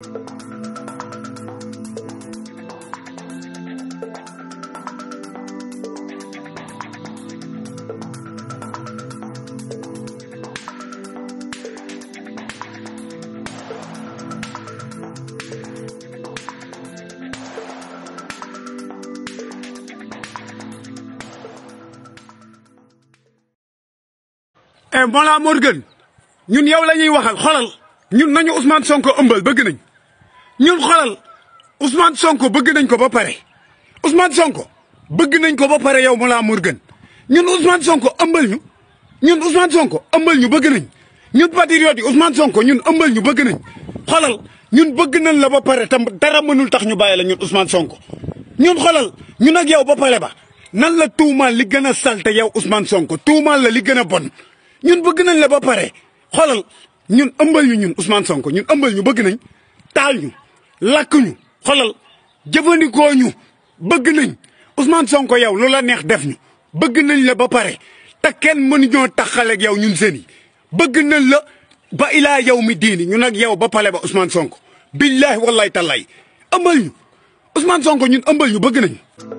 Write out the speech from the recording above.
Mollah Morgun ñun yow la ñuy waxal xolal ñun nañu Ousmane Sonko ëmbal bëgg nañ ñun xoolal Ousmane Sonko bëgg nañ ko ba pare Ousmane Sonko bëgg nañ ko ba pare yow mu laa mur gën ñun Ousmane Sonko ëmbal ñu ñun Ousmane Sonko ëmbal ñu bëgg nañ ñun patriote yi Ousmane Sonko ñun ëmbal ñu bëgg nañ xoolal ñun bëgg nañ la ba pare tam dara mënul tax ñu bàyyi la ñun Ousmane Sonko ñun xoolal ñun ak yow ba pare ba nan la tuumaal li gën a salte yow Ousmane Sonko tuumaal la li gën a bon ñun bëgg nañ la ba pare xoolal ñun ëmbal ñu ñun Ousmane Sonko ñun ëmbal ñu bëgg nañ taal ñu lakk ñu xolal jëfandikoo ñu bëgg nañ Ousmane Sonko yow lu la neex def ñu bëgg nañ la ba pare te kenn mënuñoo taxale ak yow ñun seen yi bëgg nañ la ba ilaa yow mi diini ñun ak yow ba pale ba Ousmane Sonko billaahi wallahi tallaay ëmbal ñu Ousmane Sonko ñun ëmbal ñu bëgg nañ